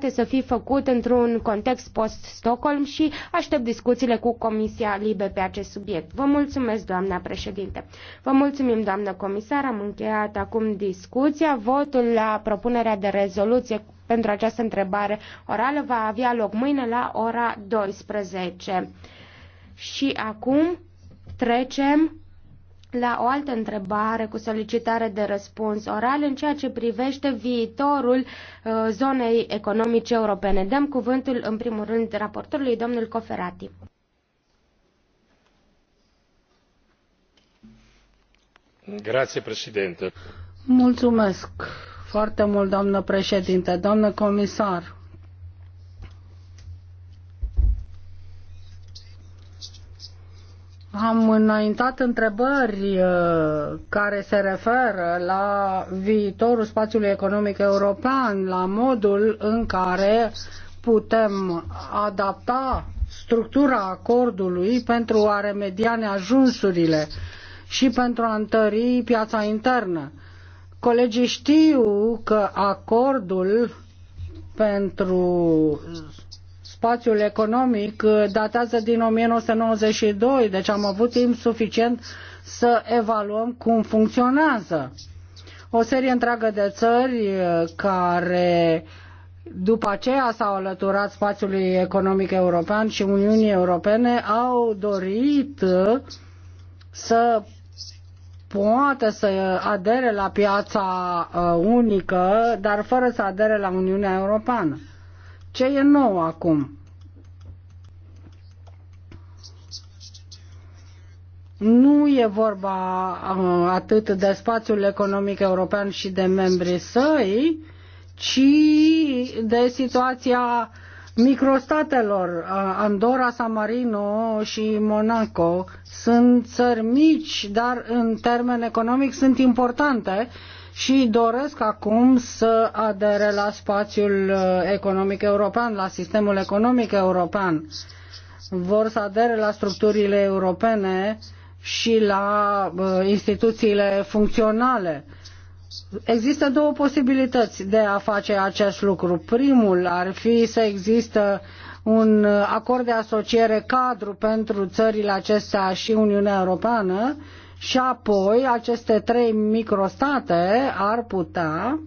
poate să fie făcut într-un context post-Stockholm și aștept discuțiile cu Comisia Libe pe acest subiect. Vă mulțumesc, doamna președinte. Vă mulțumim, doamnă comisar. Am încheiat acum discuția. Votul la propunerea de rezoluție pentru această întrebare orală va avea loc mâine la ora 12. Și acum trecem la o altă întrebare cu solicitare de răspuns oral în ceea ce privește viitorul uh, zonei economice europene. Dăm cuvântul în primul rând raportorului domnul Coferati. Grazie, Mulțumesc foarte mult, doamnă președinte, doamnă comisar Am înaintat întrebări uh, care se referă la viitorul spațiului economic european, la modul în care putem adapta structura acordului pentru a remedia neajunsurile și pentru a întări piața internă. Colegii știu că acordul pentru spațiul economic uh, datează din 1992, deci am avut timp suficient să evaluăm cum funcționează. O serie întreagă de țări uh, care după aceea s-au alăturat spațiului economic european și Uniunii Europene au dorit uh, să poată să adere la piața unică, dar fără să adere la Uniunea Europeană. Ce e nou acum? Nu e vorba uh, atât de spațiul economic european și de membrii săi, ci de situația microstatelor. Uh, Andorra, San Marino și Monaco sunt țări mici, dar în termen economic sunt importante și doresc acum să adere la spațiul uh, economic european, la sistemul economic european. Vor să adere la structurile europene și la uh, instituțiile funcționale. Există două posibilități de a face acest lucru. Primul ar fi să există un acord de asociere cadru pentru țările acestea și Uniunea Europeană, uh, și apoi aceste trei microstate ar putea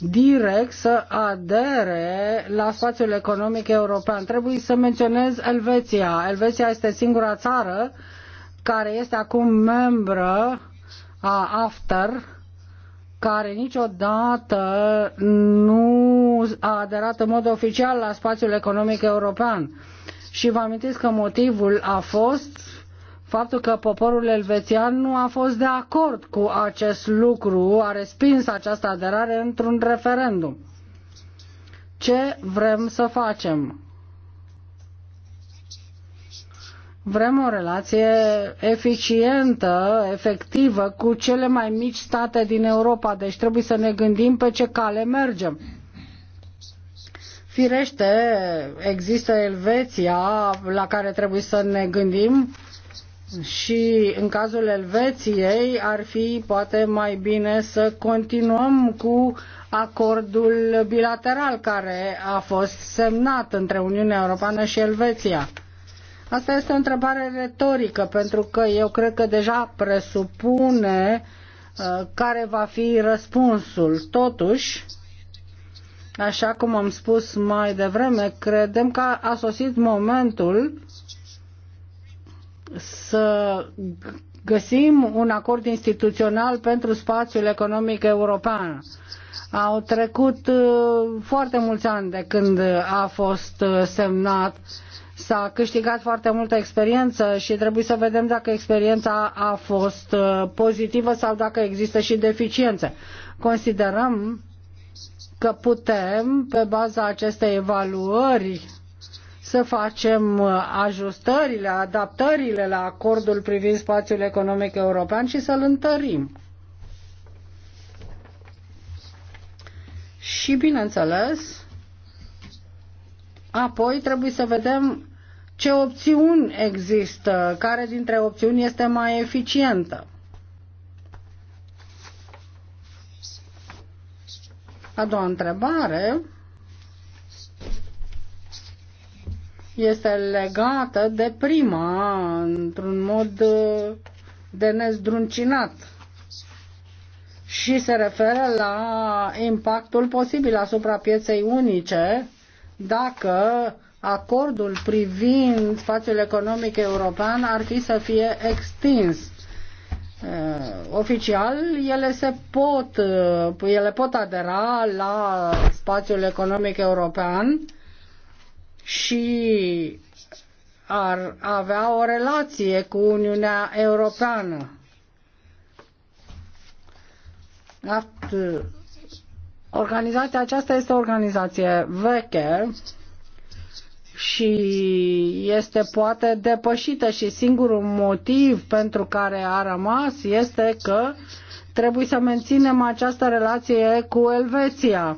direct să adere la spațiul economic european. Trebuie să menționez Elveția. Elveția este singura țară care este acum membră a AFTER, care niciodată nu a aderat în mod oficial la spațiul economic european. Și vă amintiți că motivul a fost faptul că poporul elvețian nu a fost de acord cu acest lucru, a respins această aderare într-un referendum. Ce vrem să facem? Vrem o relație eficientă, efectivă cu cele mai mici state din Europa, deci trebuie să ne gândim pe ce cale mergem. Firește, există Elveția la care trebuie să ne gândim, și în cazul Elveției ar fi poate mai bine să continuăm cu acordul bilateral care a fost semnat între Uniunea Europeană și Elveția. Asta este o întrebare retorică pentru că eu cred că deja presupune uh, care va fi răspunsul. Totuși, așa cum am spus mai devreme, credem că a sosit momentul să găsim un acord instituțional pentru spațiul economic european. Au trecut uh, foarte mulți ani de când a fost uh, semnat, s-a câștigat foarte multă experiență și trebuie să vedem dacă experiența a fost uh, pozitivă sau dacă există și deficiențe. Considerăm că putem, pe baza acestei evaluări să facem uh, ajustările, adaptările la acordul privind spațiul economic european și să-l întărim. Și, bineînțeles, apoi trebuie să vedem ce opțiuni există, care dintre opțiuni este mai eficientă. A doua întrebare este legată de prima într-un mod uh, de nezdruncinat și se referă la impactul posibil asupra pieței unice dacă acordul privind spațiul economic european ar fi să fie extins. Uh, oficial, ele se pot, uh, ele pot adera la spațiul economic european și ar avea o relație cu Uniunea Europeană. Organizația aceasta este o organizație veche și este poate depășită și singurul motiv pentru care a rămas este că trebuie să menținem această relație cu Elveția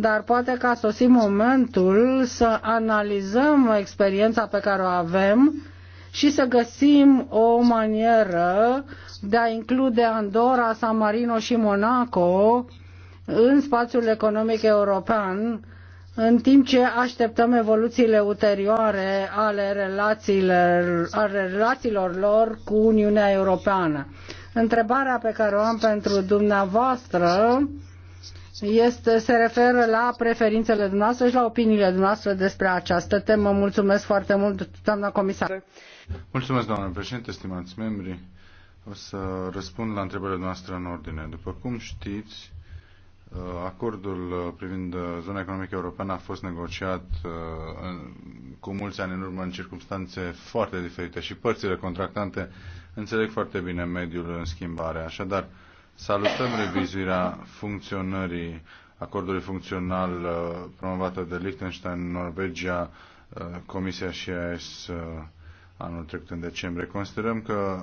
dar poate că a sosit momentul să analizăm experiența pe care o avem și să găsim o manieră de a include Andorra, San Marino și Monaco în spațiul economic european, în timp ce așteptăm evoluțiile ulterioare ale relațiilor, ale relațiilor lor cu Uniunea Europeană. Întrebarea pe care o am pentru dumneavoastră este, se referă la preferințele dumneavoastră și la opiniile dumneavoastră despre această temă. Mulțumesc foarte mult, doamna comisar. Mulțumesc, doamnă președinte, stimați membri. O să răspund la întrebările noastre în ordine. După cum știți, uh, acordul uh, privind uh, zona economică europeană a fost negociat cu mulți ani în urmă în circunstanțe foarte diferite și părțile contractante înțeleg foarte bine mediul în schimbare. Așadar, Salutăm revizuirea funcționării acordului funcțional uh, promovat de Liechtenstein, Norvegia, uh, Comisia și AES uh, anul trecut în decembrie. Considerăm că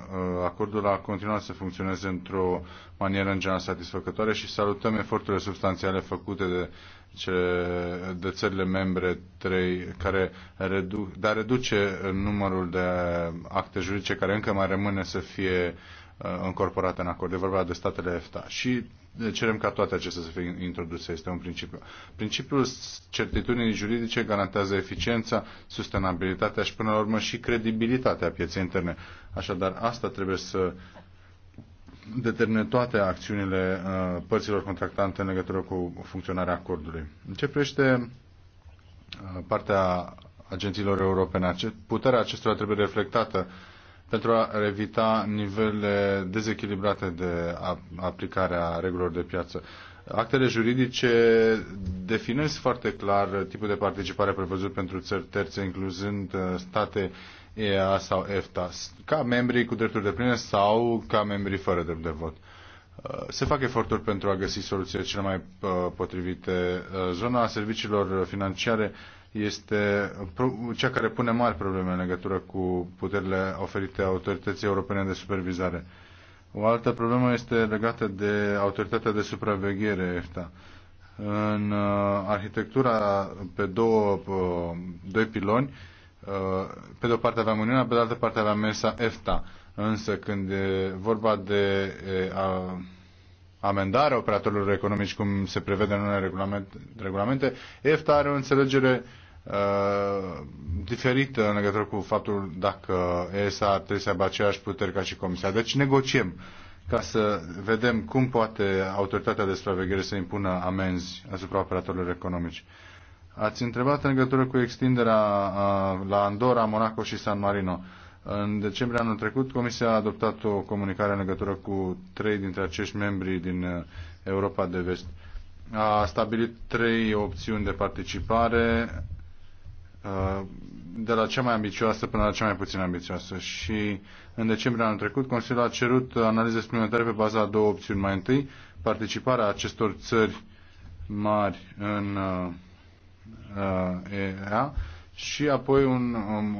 acordul a continuat să funcționeze într-o manieră în general satisfăcătoare și salutăm eforturile substanțiale făcute de, cele, de țările membre trei care reduc, a reduce numărul de acte juridice care încă mai rămâne să fie Uh, încorporate în acord. E vorba de statele EFTA. Și cerem ca toate acestea să fie introduse. Este un principiu. Principiul certitudinii juridice garantează eficiența, sustenabilitatea și până la urmă și credibilitatea pieței interne. Așadar, asta trebuie să determine toate acțiunile uh, părților contractante în legătură cu funcționarea acordului. În ce privește uh, partea agențiilor europene, puterea acestora trebuie reflectată pentru a evita nivele dezechilibrate de aplicare a regulilor de piață. Actele juridice definesc foarte clar tipul de participare prevăzut pentru țări terțe, incluzând uh, state EA sau EFTA, ca membrii cu drepturi de pline sau ca membrii fără drept de vot. Uh, se fac eforturi pentru a găsi soluțiile cele mai uh, potrivite. Zona serviciilor financiare este cea care pune mari probleme în legătură cu puterile oferite autorității europene de supervizare. O altă problemă este legată de autoritatea de supraveghere EFTA. În uh, arhitectura pe două, uh, doi piloni, uh, pe de o parte aveam Uniunea, pe de altă parte aveam Mesa EFTA. Însă când e vorba de a, amendarea operatorilor economici, cum se prevede în unele regulamente, regulamente EFTA are o înțelegere uh, Uh, diferită în legătură cu faptul dacă ESA trebuie să aibă aceeași puteri ca și Comisia. Deci negociem ca să vedem cum poate autoritatea de supraveghere să impună amenzi asupra operatorilor economici. Ați întrebat în legătură cu extinderea uh, la Andorra, Monaco și San Marino. În decembrie anul trecut, Comisia a adoptat o comunicare în legătură cu trei dintre acești membri din uh, Europa de Vest. A stabilit trei opțiuni de participare, de la cea mai ambicioasă până la cea mai puțin ambicioasă. Și în decembrie anul trecut, Consiliul a cerut analize suplimentare pe baza a două opțiuni. Mai întâi, participarea acestor țări mari în uh, EEA și apoi un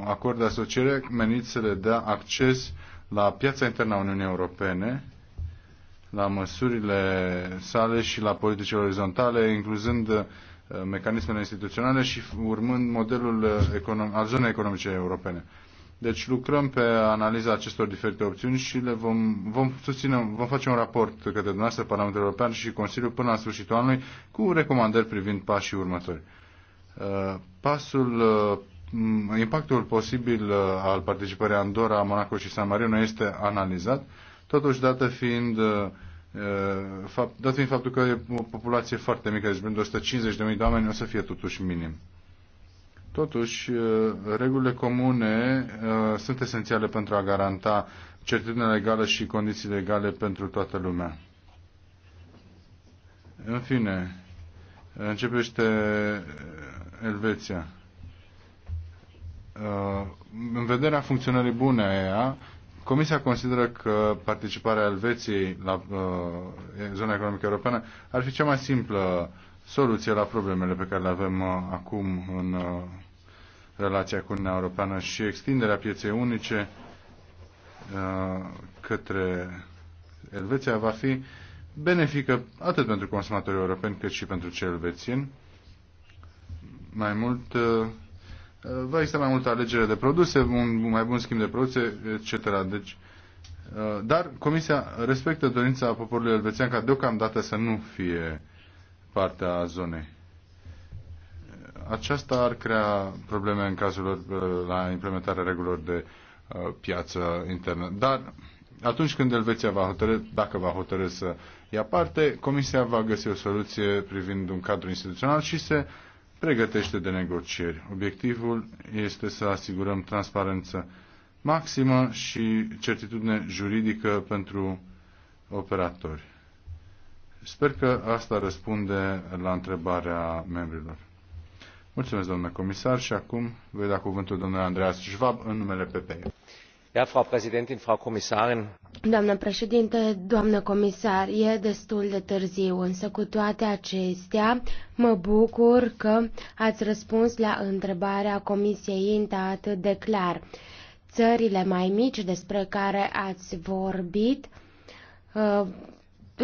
acord de asociere menit să le dea acces la piața internă a Uniunii Europene, la măsurile sale și la politicile orizontale, incluzând Uh, mecanismele instituționale și urmând modelul uh, al zonei economice europene. Deci lucrăm pe analiza acestor diferite opțiuni și le vom, vom, susține, vom face un raport către dumneavoastră, Parlamentul European și Consiliul până la sfârșitul anului cu recomandări privind pașii următori. Uh, pasul, impactul posibil al participării Andorra, Monaco și San Marino este analizat, totuși dată fiind Uh, fapt, dat fiind faptul că e o populație foarte mică, deci vreo 150.000 de oameni o să fie totuși minim. Totuși, uh, regulile comune uh, sunt esențiale pentru a garanta certitudinea legală și condiții legale pentru toată lumea. În fine, începește Elveția. În vederea funcționării bune a ea, Comisia consideră că participarea Elveției la uh, zona economică europeană ar fi cea mai simplă soluție la problemele pe care le avem uh, acum în uh, relația cu Uniunea Europeană și extinderea pieței unice uh, către Elveția va fi benefică atât pentru consumatorii europeni cât și pentru cei elvețieni. Mai mult, uh, Eh, va exista mai multă alegere de produse, un mai bun schimb de produse, etc. Deci, eh, dar Comisia respectă dorința poporului elvețian ca deocamdată să nu fie partea zonei. Eh, aceasta ar crea probleme în cazul lor la implementarea regulilor de piață internă. Dar atunci când Elveția va hotărâ, dacă va hotărâ să ia parte, Comisia va găsi o soluție privind un cadru instituțional și se uh, pregătește de negocieri. Obiectivul este să asigurăm transparență maximă și certitudine juridică pentru operatori. Sper că asta răspunde la întrebarea membrilor. Mulțumesc, domnule comisar, și acum voi da cuvântul domnului Andreas Schwab în numele PPE doamnă președinte doamnă comisar e destul de târziu însă cu toate acestea mă bucur că ați răspuns la întrebarea comisiei inta atât de clar. țările mai mici despre care ați vorbit uh,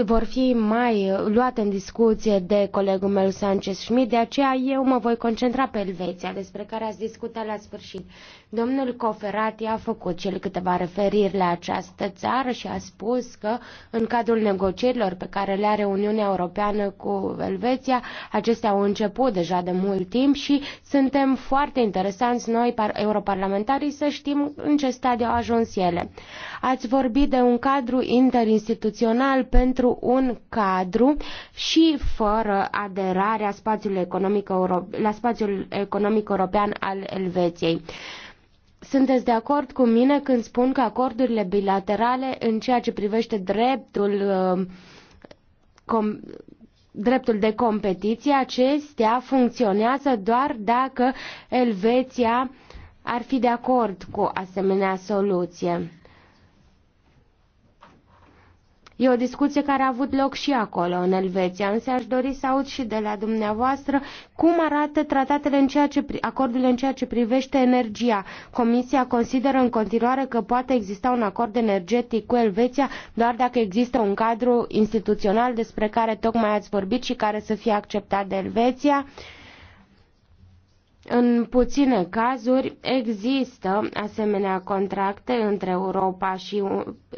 vor fi mai luate în discuție de colegul meu Sanchez Schmidt, de aceea eu mă voi concentra pe Elveția, despre care ați discutat la sfârșit. Domnul Coferati a făcut cel câteva referiri la această țară și a spus că în cadrul negocierilor pe care le are Uniunea Europeană cu Elveția, acestea au început deja de mult timp și suntem foarte interesanți noi, europarlamentarii, să știm în ce stadiu au ajuns ele. Ați vorbit de un cadru interinstituțional pentru pentru un cadru și fără aderarea spațiului economic Euro- la spațiul economic european al Elveției. Sunteți de acord cu mine când spun că acordurile bilaterale în ceea ce privește dreptul uh, com, dreptul de competiție, acestea funcționează doar dacă Elveția ar fi de acord cu asemenea soluție. E o discuție care a avut loc și acolo, în Elveția, însă aș dori să aud și de la dumneavoastră cum arată tratatele în ceea ce, acordurile în ceea ce privește energia. Comisia consideră în continuare că poate exista un acord energetic cu Elveția doar dacă există un cadru instituțional despre care tocmai ați vorbit și care să fie acceptat de Elveția. În puține cazuri există asemenea contracte între Europa și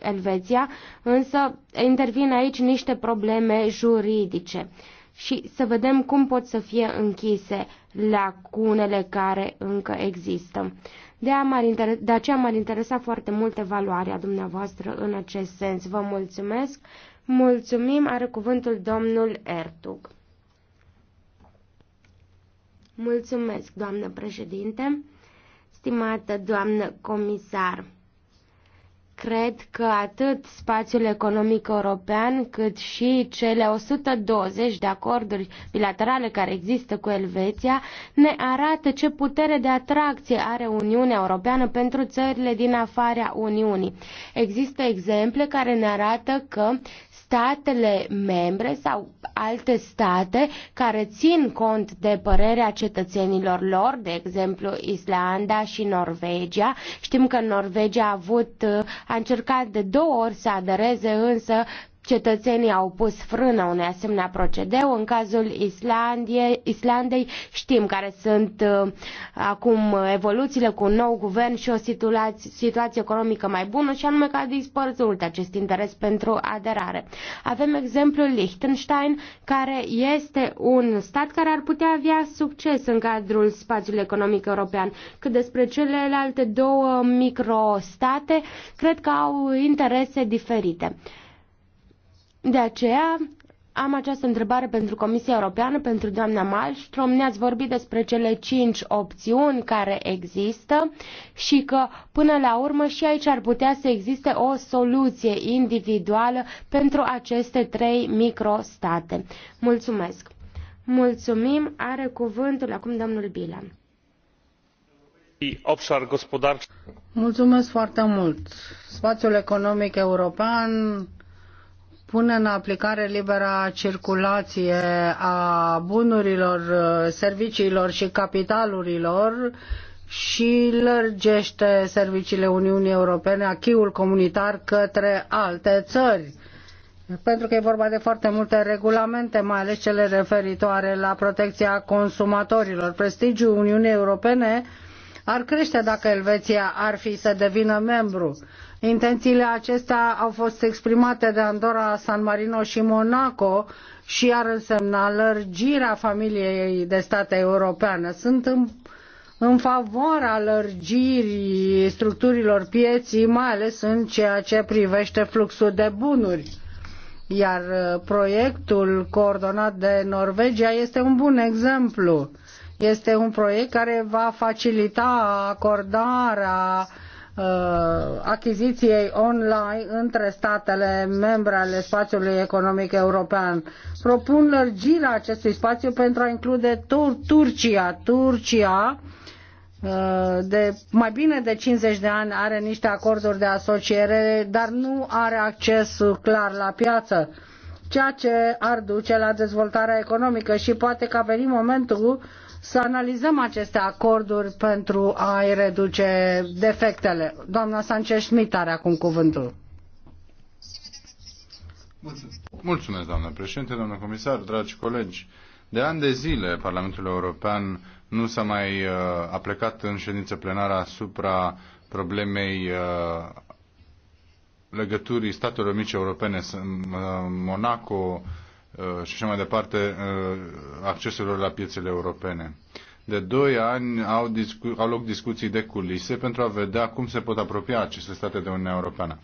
Elveția, însă intervin aici niște probleme juridice și să vedem cum pot să fie închise lacunele care încă există. De, a m inter- de aceea m-ar interesa foarte mult evaluarea dumneavoastră în acest sens. Vă mulțumesc! Mulțumim! Are cuvântul domnul Ertug. Mulțumesc, doamnă președinte, stimată doamnă comisar. Cred că atât spațiul economic european cât și cele 120 de acorduri bilaterale care există cu Elveția ne arată ce putere de atracție are Uniunea Europeană pentru țările din afara Uniunii. Există exemple care ne arată că statele membre sau alte state care țin cont de părerea cetățenilor lor, de exemplu Islanda și Norvegia. Știm că Norvegia a avut, a încercat de două ori să adereze, însă Cetățenii au pus frână unui asemenea procedeu. În cazul Islandiei, Islandei știm care sunt uh, acum evoluțiile cu un nou guvern și o situație, situație economică mai bună și anume că a dispărut acest interes pentru aderare. Avem exemplul Liechtenstein, care este un stat care ar putea avea succes în cadrul spațiului economic european. Cât despre celelalte două microstate, cred că au interese diferite. De aceea am această întrebare pentru Comisia Europeană, pentru doamna Malmström. Ne-ați vorbit despre cele cinci opțiuni care există și că până la urmă și aici ar putea să existe o soluție individuală pentru aceste trei microstate. Mulțumesc! Mulțumim! Are cuvântul acum domnul Bilan. Mulțumesc foarte mult! Spațiul economic european pune în aplicare libera circulație a bunurilor, serviciilor și capitalurilor și lărgește serviciile Uniunii Europene, achiul comunitar, către alte țări. Pentru că e vorba de foarte multe regulamente, mai ales cele referitoare la protecția consumatorilor. Prestigiul Uniunii Europene ar crește dacă Elveția ar fi să devină membru. Intențiile acestea au fost exprimate de Andorra, San Marino și Monaco și ar însemna lărgirea familiei de state europeană. Sunt în, în favoarea lărgirii structurilor pieții, mai ales în ceea ce privește fluxul de bunuri. Iar uh, proiectul coordonat de Norvegia este un bun exemplu. Este un proiect care va facilita acordarea Uh, achiziției online între statele membre ale spațiului economic european. Propun lărgirea acestui spațiu pentru a include Tur- Turcia. Turcia uh, de mai bine de 50 de ani are niște acorduri de asociere, dar nu are acces clar la piață ceea ce ar duce la dezvoltarea economică și poate că a venit momentul să analizăm aceste acorduri pentru a-i reduce defectele. Doamna Sanchez-Schmidt are acum cuvântul. Mulțumesc. Mulțumesc, doamnă președinte, doamnă comisar, dragi colegi. De ani de zile, Parlamentul European nu s-a mai uh, aplecat în ședință plenară asupra problemei uh, legăturii statelor mici europene, uh, Monaco uh, și așa mai departe, uh, acceselor la piețele europene. De doi ani au, discu- au loc discuții de culise pentru a vedea cum se pot apropia aceste state de Uniunea Europeană.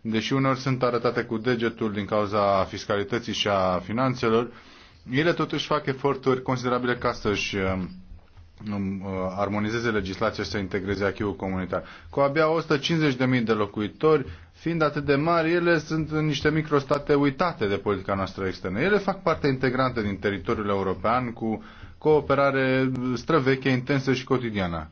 Deși uneori sunt arătate cu degetul din cauza fiscalității și a finanțelor, ele totuși fac eforturi considerabile ca să-și um, armonizeze legislația și să integreze acquis comunitar. Cu abia 150.000 de locuitori, fiind atât de mari, ele sunt niște microstate uitate de politica noastră externă. Ele fac parte integrantă din teritoriul european cu cooperare străveche, intensă și cotidiană.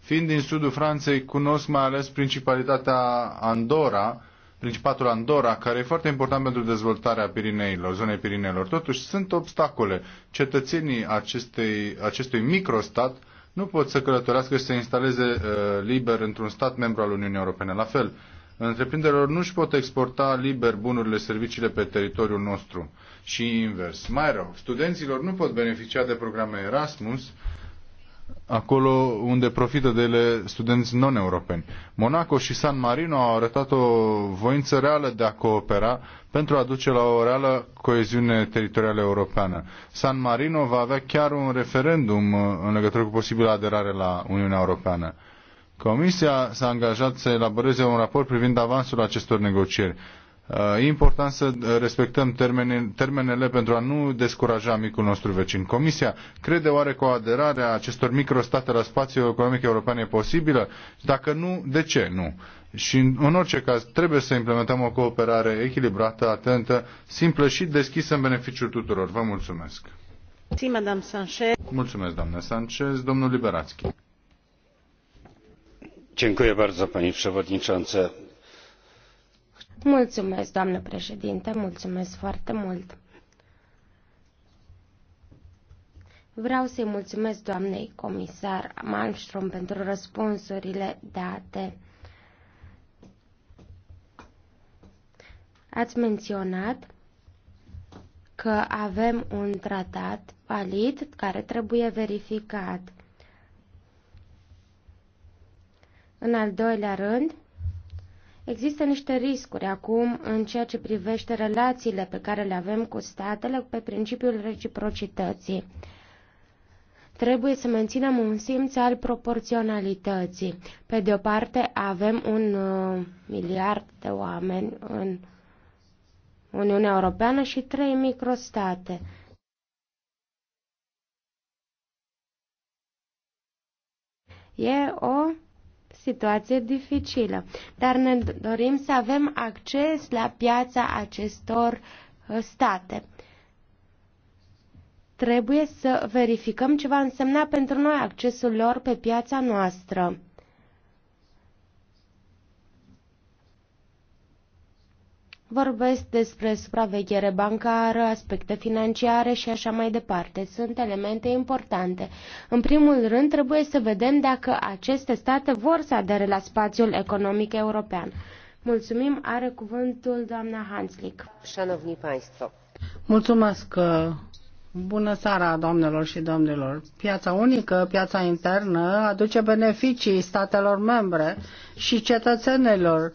Fiind din sudul Franței, cunosc mai ales principalitatea Andorra, principatul Andorra, care e foarte important pentru dezvoltarea Pirineilor, zonei Pirineilor. Totuși, sunt obstacole. Cetățenii acestei, acestui microstat nu pot să călătorească și să se instaleze uh, liber într-un stat membru al Uniunii Europene. La fel, uh, întreprinderilor nu își pot exporta liber bunurile serviciile pe teritoriul nostru și invers. Mai rău, studenților nu pot beneficia de programe Erasmus acolo unde profită de ele studenți non-europeni. Monaco și San Marino au arătat o voință reală de a coopera pentru a duce la o reală coeziune teritorială europeană. San Marino va avea chiar un referendum uh, în legătură cu posibilă aderare la Uniunea Europeană. Comisia s-a angajat să elaboreze un raport privind avansul acestor negocieri. Uh, e important să respectăm termenele pentru a nu descuraja micul nostru vecin. Comisia crede oare că o aderare a acestor microstate la spațiul economic european e posibilă? Dacă nu, de ce nu? Și în orice caz trebuie să implementăm o cooperare echilibrată, atentă, simplă și deschisă în beneficiul tuturor. Vă mulțumesc. Mulțumesc, doamnă Sanchez. Domnul Liberațchi Mulțumesc, doamnă președinte, mulțumesc foarte mult. Vreau să-i mulțumesc doamnei comisar malmstrm pentru răspunsurile date. Ați menționat că avem un tratat valid care trebuie verificat. În al doilea rând, există niște riscuri acum în ceea ce privește relațiile pe care le avem cu statele pe principiul reciprocității trebuie să menținem un simț al proporționalității. Pe de o parte, avem un uh, miliard de oameni în Uniunea Europeană și trei microstate. E o situație dificilă, dar ne dorim să avem acces la piața acestor uh, state. Trebuie să verificăm ce va însemna pentru noi accesul lor pe piața noastră. Vorbesc despre supraveghere bancară, aspecte financiare și așa mai departe. Sunt elemente importante. În primul rând, trebuie să vedem dacă aceste state vor să adere la spațiul economic european. Mulțumim, are cuvântul doamna Hanslik. Șanovni Państwo. Mulțumesc. Bună seara, doamnelor și domnilor. Piața unică, piața internă, aduce beneficii statelor membre și cetățenilor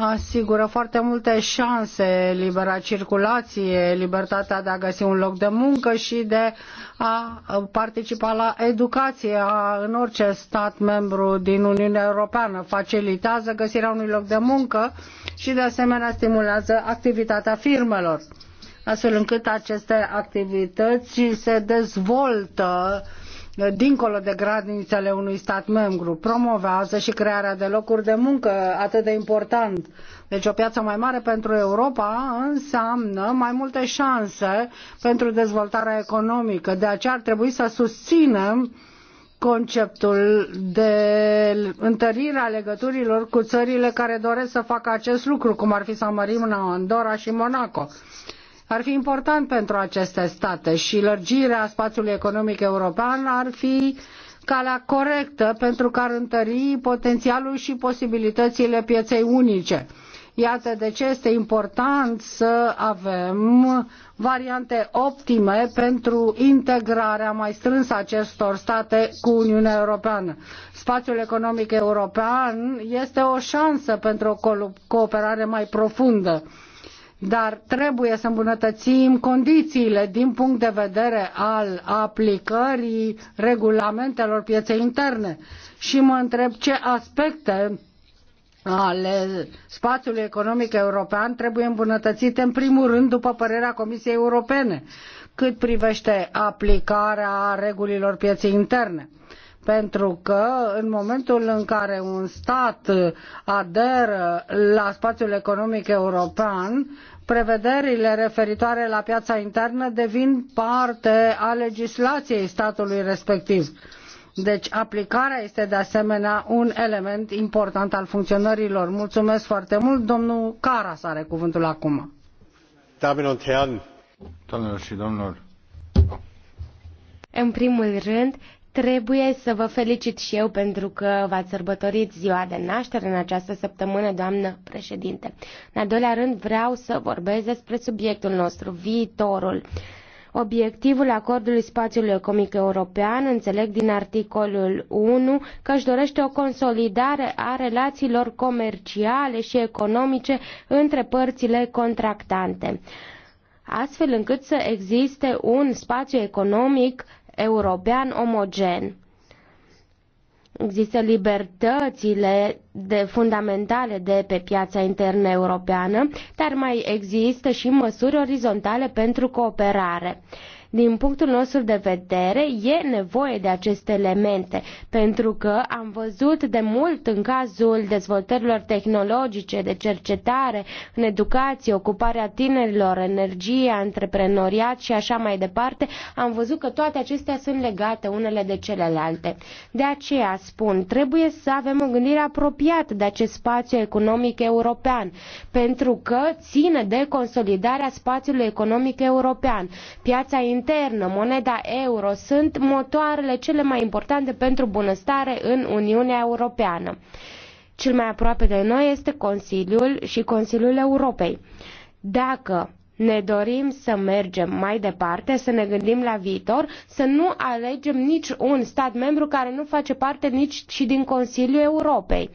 asigură foarte multe șanse, libera circulație, libertatea de a găsi un loc de muncă și de a participa la educație în orice stat membru din Uniunea Europeană. Facilitează găsirea unui loc de muncă și de asemenea stimulează activitatea firmelor, astfel încât aceste activități se dezvoltă uh, dincolo de granițele unui stat membru, promovează și crearea de locuri de muncă atât de important. Deci o piață mai mare pentru Europa înseamnă mai multe șanse pentru dezvoltarea economică. De aceea ar trebui să susținem conceptul de întărire a legăturilor cu țările care doresc să facă acest lucru, cum ar fi San Marino, Andorra și Monaco ar fi important pentru aceste state și lărgirea spațiului economic european ar fi calea corectă pentru că ar întări potențialul și posibilitățile pieței unice. Iată de ce este important să avem variante optime pentru integrarea mai strânsă a acestor state cu Uniunea Europeană. Spațiul economic european este o șansă pentru o cooperare mai profundă dar trebuie să îmbunătățim condițiile din punct de vedere al aplicării regulamentelor pieței interne. Și mă întreb ce aspecte ale spațiului economic european trebuie îmbunătățite în primul rând după părerea Comisiei Europene cât privește aplicarea regulilor pieței interne pentru că în momentul în care un stat aderă la spațiul economic european, prevederile referitoare la piața internă devin parte a legislației statului respectiv. Deci aplicarea este de asemenea un element important al funcționărilor. Mulțumesc foarte mult. Domnul Caras are cuvântul acum. Doamnelor și domnilor, în primul rând, Trebuie să vă felicit și eu pentru că v-ați sărbătorit ziua de naștere în această săptămână, doamnă președinte. În al doilea rând vreau să vorbesc despre subiectul nostru, viitorul. Obiectivul acordului spațiului economic european, înțeleg din articolul 1, că își dorește o consolidare a relațiilor comerciale și economice între părțile contractante astfel încât să existe un spațiu economic european omogen. Există libertățile de fundamentale de pe piața internă europeană, dar mai există și măsuri orizontale pentru cooperare. Din punctul nostru de vedere, e nevoie de aceste elemente, pentru că am văzut de mult în cazul dezvoltărilor tehnologice, de cercetare, în educație, ocuparea tinerilor, energie, antreprenoriat și așa mai departe, am văzut că toate acestea sunt legate unele de celelalte. De aceea spun, trebuie să avem o gândire apropiată de acest spațiu economic european, pentru că ține de consolidarea spațiului economic european. Piața internă, moneda euro, sunt motoarele cele mai importante pentru bunăstare în Uniunea Europeană. Cel mai aproape de noi este Consiliul și Consiliul Europei. Dacă ne dorim să mergem mai departe, să ne gândim la viitor, să nu alegem nici un stat membru care nu face parte nici și din Consiliul Europei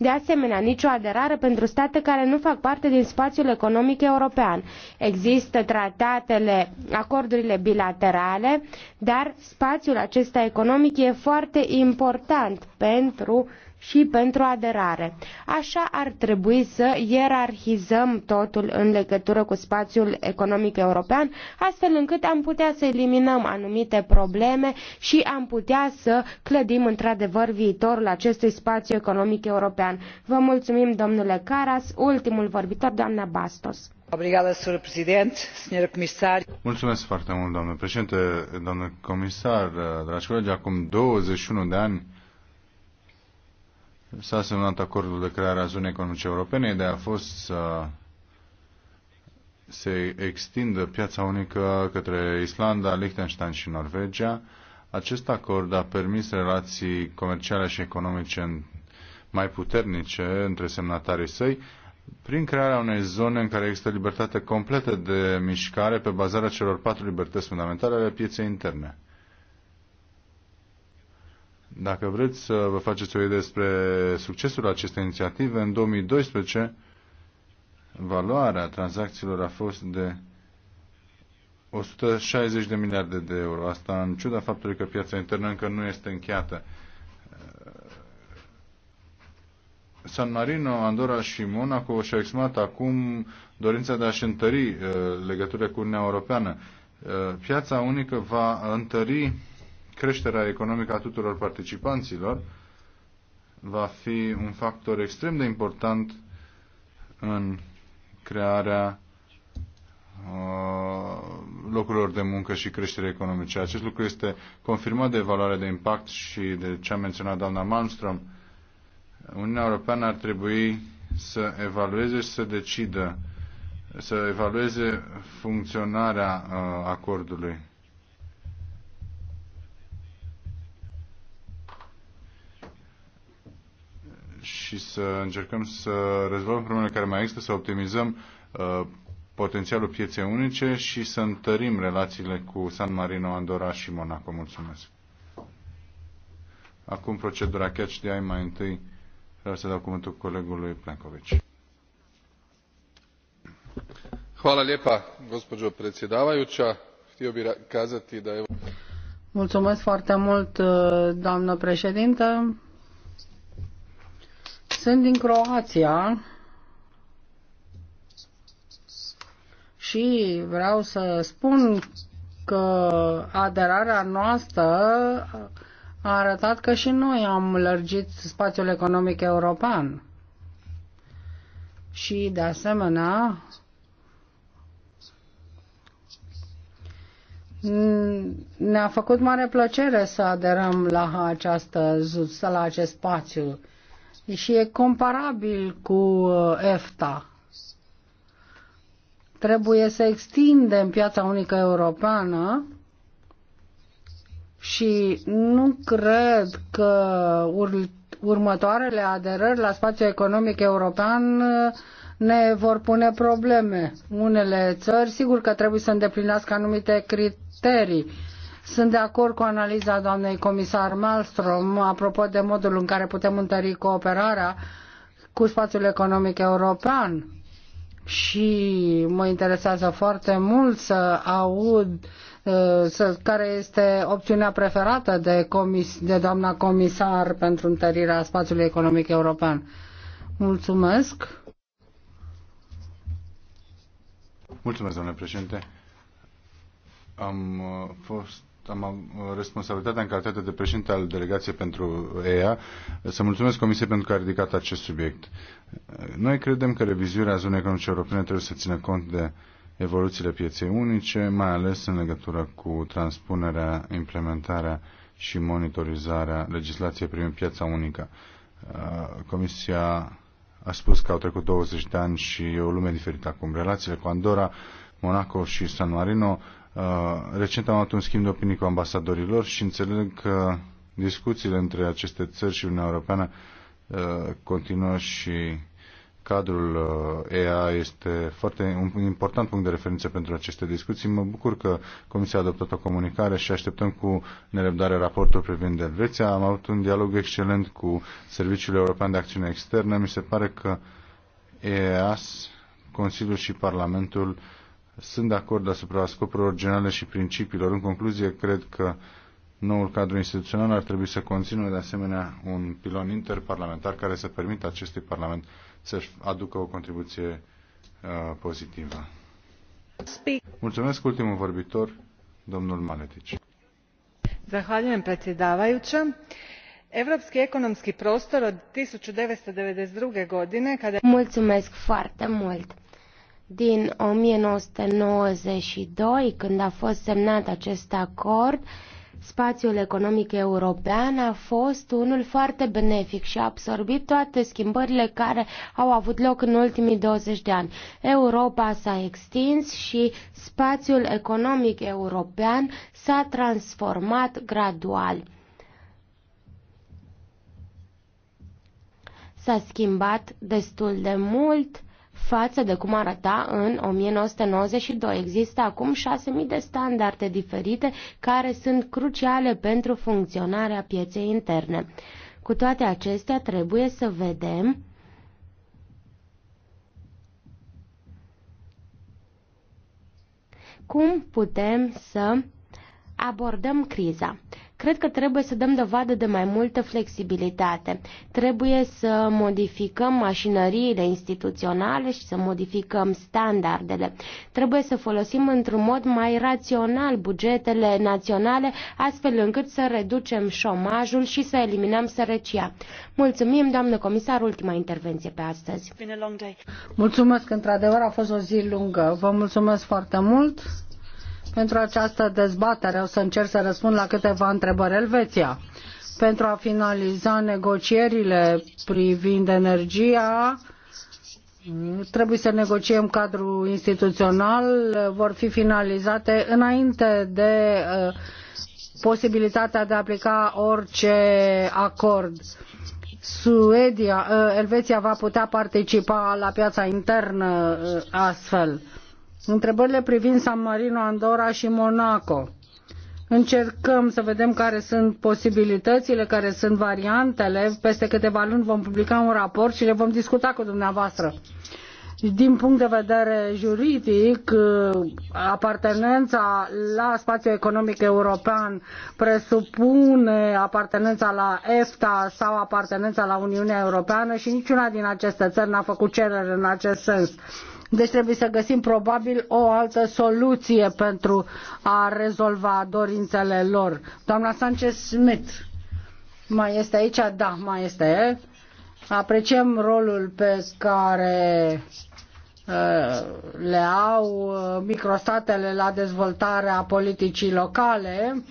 de asemenea, nicio aderare pentru state care nu fac parte din spațiul economic european. Există tratatele, acordurile bilaterale, dar spațiul acesta economic e foarte important pentru și pentru aderare. Așa ar trebui să ierarhizăm totul în legătură cu spațiul economic european, astfel încât am putea să eliminăm anumite probleme și am putea să clădim într-adevăr viitorul acestui spațiu economic european. Vă mulțumim, domnule Caras, ultimul vorbitor, doamna Bastos. Mulțumesc foarte mult, domnule președinte, domnule comisar, dragi colegi. Acum 21 de ani, S-a semnat acordul de creare a zonei economice europene. Ideea a fost să se extindă piața unică către Islanda, Liechtenstein și Norvegia. Acest acord a permis relații comerciale și economice mai puternice între semnatarii săi prin crearea unei zone în care există libertate completă de mișcare pe bazarea celor patru libertăți fundamentale ale pieței interne. Dacă vreți să vă faceți o idee despre succesul acestei inițiative, în 2012 valoarea tranzacțiilor a fost de 160 de miliarde de euro. Asta în ciuda faptului că piața internă încă nu este încheiată. San Marino, Andorra și Monaco și-au exprimat acum dorința de a-și întări uh, legăturile cu Uniunea Europeană. Uh, piața unică va întări creșterea economică a tuturor participanților va fi un factor extrem de important în crearea uh, locurilor de muncă și creștere economice. Acest lucru este confirmat de evaluarea de impact și de ce a menționat doamna Malmström. Uniunea Europeană ar trebui să evalueze și să decidă, să evalueze funcționarea uh, acordului. și să încercăm să rezolvăm problemele care mai există, să optimizăm uh, potențialul pieței unice și să întărim relațiile cu San Marino, Andorra și Monaco. Mulțumesc. Acum procedura catch de ai mai întâi vreau să dau cuvântul colegului Plenković. Hvala lijepa, gospođo predsjedavajuća. Htio bih kazati da evo... Mulțumesc foarte mult, uh, doamnă președintă. Sunt din Croația și vreau să spun că aderarea noastră a arătat că și noi am lărgit spațiul economic european. Și, de asemenea, ne-a făcut mare plăcere să aderăm la, această, la acest spațiu și e comparabil cu uh, EFTA. Trebuie să extindem piața unică europeană și nu cred că ur- următoarele aderări la spațiul economic european uh, ne vor pune probleme. Unele țări, sigur că trebuie să îndeplinească anumite criterii, sunt de acord cu analiza doamnei comisar Malmström apropo de modul în care putem întări cooperarea cu spațiul economic european și mă interesează foarte mult să aud uh, să, care este opțiunea preferată de, comis, de doamna comisar pentru întărirea spațiului economic european. Mulțumesc. Mulțumesc, domnule președinte. Am uh, fost am responsabilitatea în calitate de președinte al delegației pentru EA să mulțumesc Comisiei pentru că a ridicat acest subiect. Noi credem că revizuirea zonei economice europene trebuie să țină cont de evoluțiile pieței unice, mai ales în legătură cu transpunerea, implementarea și monitorizarea legislației privind piața unică. Uh, Comisia a spus că au trecut 20 de ani și e o lume diferită acum. Relațiile cu Andorra, Monaco și San Marino Uh, recent am avut un schimb de opinii cu ambasadorilor și înțeleg că discuțiile între aceste țări și Uniunea Europeană uh, continuă și cadrul uh, EA este foarte un important punct de referință pentru aceste discuții. Mă bucur că Comisia a adoptat o comunicare și așteptăm cu nerăbdare raportul privind Elveția. Am avut un dialog excelent cu Serviciul European de Acțiune Externă. Mi se pare că EAS, Consiliul și Parlamentul uh, sunt de acord asupra scopurilor generale și principiilor. În concluzie, cred că noul cadru instituțional ar trebui să conțină de asemenea un pilon interparlamentar care să permită acestui Parlament să-și aducă o contribuție uh, pozitivă. Mulțumesc ultimul vorbitor, domnul Maletici. Zahvaljujem predsjedavajuća. Evropski ekonomski prostor od 1992. godine kada... Mulțumesc foarte mult! din 1992, când a fost semnat acest acord, spațiul economic european a fost unul foarte benefic și a absorbit toate schimbările care au avut loc în ultimii 20 de ani. Europa s-a extins și spațiul economic european s-a transformat gradual. S-a schimbat destul de mult față de cum arăta în 1992. Există acum 6.000 de standarde diferite care sunt cruciale pentru funcționarea pieței interne. Cu toate acestea, trebuie să vedem cum putem să abordăm criza. Cred că trebuie să dăm dovadă de mai multă flexibilitate. Trebuie să modificăm mașinăriile instituționale și să modificăm standardele. Trebuie să folosim într-un mod mai rațional bugetele naționale, astfel încât să reducem șomajul și să eliminăm sărăcia. Mulțumim, doamnă comisar, ultima intervenție pe astăzi. Mulțumesc, într-adevăr a fost o zi lungă. Vă mulțumesc foarte mult pentru această dezbatere. O să încerc să răspund la câteva întrebări. Elveția, pentru a finaliza negocierile privind energia, trebuie să negociem cadrul instituțional, vor fi finalizate înainte de uh, posibilitatea de a aplica orice acord. Suedia, uh, Elveția va putea participa la piața internă uh, astfel. Întrebările privind San Marino, Andorra și Monaco. Încercăm să vedem care sunt posibilitățile, care sunt variantele. Peste câteva luni vom publica un raport și le vom discuta cu dumneavoastră. Din punct de vedere juridic, apartenența la spațiul economic european presupune apartenența la EFTA sau apartenența la Uniunea Europeană și niciuna din aceste țări n-a făcut cerere în acest sens. Deci trebuie să găsim probabil o altă soluție pentru a rezolva dorințele lor. Doamna Sanchez Smith mai este aici? Da, mai este. Apreciem rolul pe care uh, le au uh, microstatele la dezvoltarea politicii locale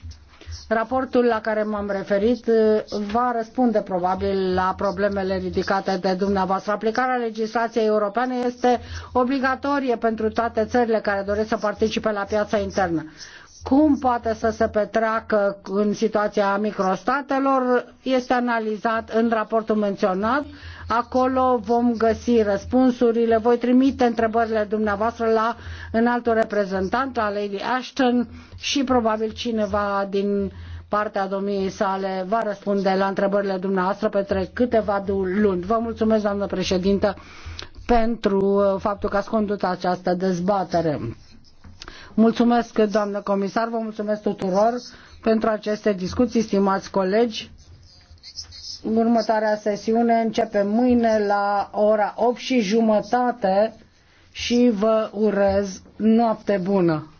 Raportul la care m-am referit uh, va răspunde probabil la problemele ridicate de dumneavoastră. Aplicarea legislației europene este obligatorie pentru toate țările care doresc să participe la piața internă. Cum poate să se petreacă în situația microstatelor este analizat în raportul menționat Acolo vom găsi răspunsurile. Voi trimite întrebările dumneavoastră la înaltul reprezentant, la Lady Ashton și probabil cineva din partea domniei sale va răspunde la întrebările dumneavoastră pentru câteva luni. Vă mulțumesc, doamnă președintă, pentru uh, faptul că ați condus această dezbatere. Mulțumesc, doamnă comisar, vă mulțumesc tuturor pentru aceste discuții, stimați colegi. Următoarea sesiune începe mâine la ora 8 și jumătate și vă urez noapte bună.